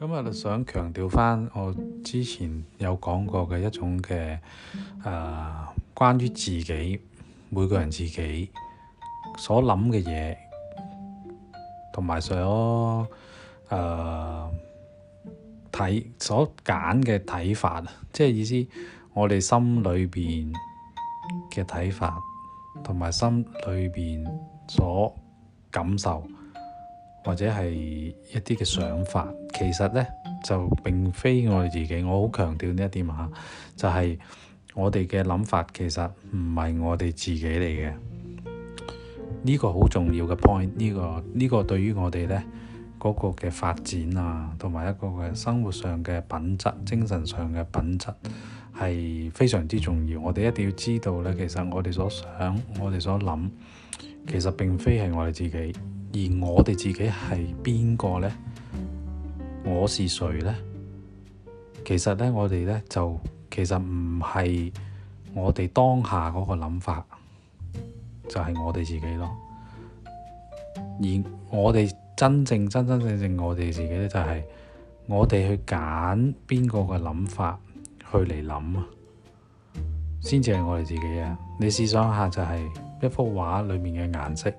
今日就想強調翻，我之前有講過嘅一種嘅誒、呃，關於自己每個人自己所諗嘅嘢，同埋所誒睇、呃、所揀嘅睇法，即係意思，我哋心裏邊嘅睇法，同埋心裏邊所感受或者係一啲嘅想法。其實咧就並非我哋自己，我好強調呢一點吓、啊，就係、是、我哋嘅諗法其實唔係我哋自己嚟嘅。呢、這個好重要嘅 point，呢、這個呢、這個對於我哋呢嗰、那個嘅發展啊，同埋一個嘅生活上嘅品質、精神上嘅品質係非常之重要。我哋一定要知道呢，其實我哋所想、我哋所諗，其實並非係我哋自己，而我哋自己係邊個呢？我是誰呢？其實呢，我哋呢，就其實唔係我哋當下嗰個諗法，就係我哋自己咯。而我哋真正真真正正我哋自己呢，就係我哋去揀邊個嘅諗法去嚟諗啊，先至係我哋自己啊！你試想一下，就係一幅畫裏面嘅顏色，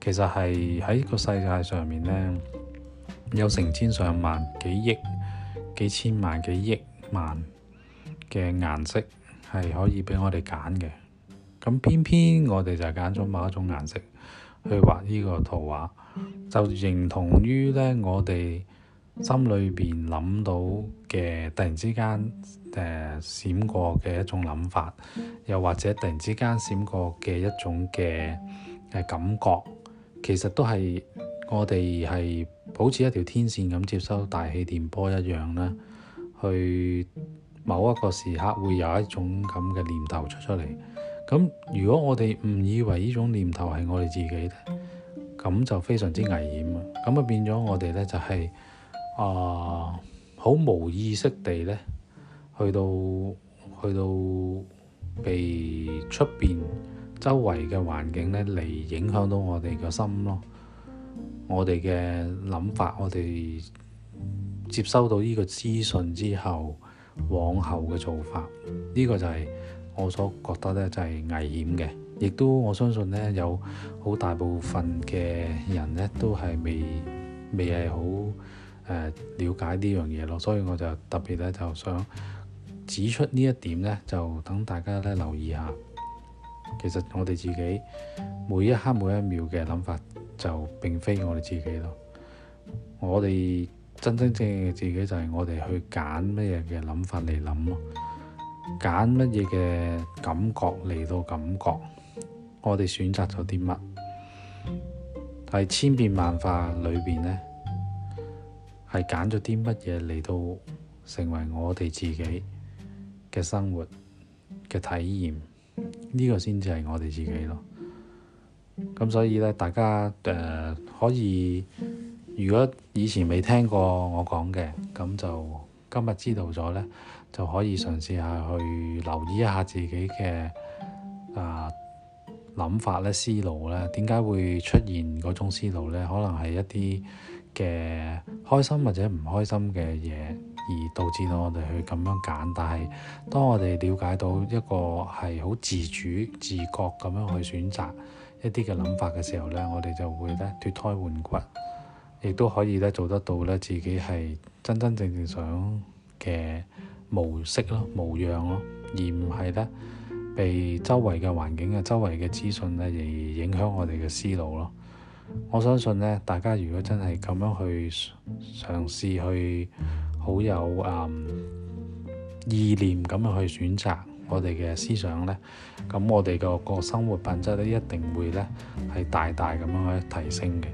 其實係喺呢個世界上面呢，有成千上萬、幾億、幾千萬、幾億萬嘅顏色係可以畀我哋揀嘅。咁偏偏我哋就揀咗某一種顏色去畫呢個圖畫，就認同於呢，我哋心裏邊諗到嘅突然之間誒、呃、閃過嘅一種諗法，又或者突然之間閃過嘅一種嘅誒、呃、感覺，其實都係我哋係。好似一條天線咁接收大氣電波一樣咧，去某一個時刻會有一種咁嘅念頭出出嚟。咁如果我哋誤以為呢種念頭係我哋自己咧，咁就非常之危險。咁啊變咗我哋咧就係啊好冇意識地咧，去到去到被出邊周圍嘅環境咧嚟影響到我哋嘅心咯。我哋嘅諗法，我哋接收到呢個資訊之後，往後嘅做法，呢個就係我所覺得呢，就係危險嘅。亦都我相信呢，有好大部分嘅人呢，都係未未係好誒了解呢樣嘢咯。所以我就特別呢，就想指出呢一點呢，就等大家呢留意下。其實我哋自己每一刻每一秒嘅諗法，就並非我哋自己咯，我哋真真正正嘅自己就係我哋去揀乜嘢嘅諗法嚟諗咯，揀乜嘢嘅感覺嚟到感覺，我哋選擇咗啲乜，喺千變萬化裏邊咧，係揀咗啲乜嘢嚟到成為我哋自己嘅生活嘅體驗，呢個先至係我哋自己咯。咁所以咧，大家誒、呃、可以，如果以前未聽過我講嘅，咁就今日知道咗呢，就可以嘗試下去留意一下自己嘅啊諗法咧、思路咧，點解會出現嗰種思路呢？可能係一啲嘅開心或者唔開心嘅嘢而導致到我哋去咁樣揀。但係當我哋了解到一個係好自主、自覺咁樣去選擇一啲嘅諗法嘅時候呢，我哋就會咧脫胎換骨，亦都可以咧做得到咧自己係真真正正想嘅模式咯、模樣咯，而唔係咧被周圍嘅環境啊、周圍嘅資訊呢而影響我哋嘅思路咯。我相信呢，大家如果真係咁樣去嘗試去好有啊、嗯、意念咁樣去選擇。我哋嘅思想咧，咁我哋嘅個生活品質咧，一定會咧係大大咁樣去提升嘅。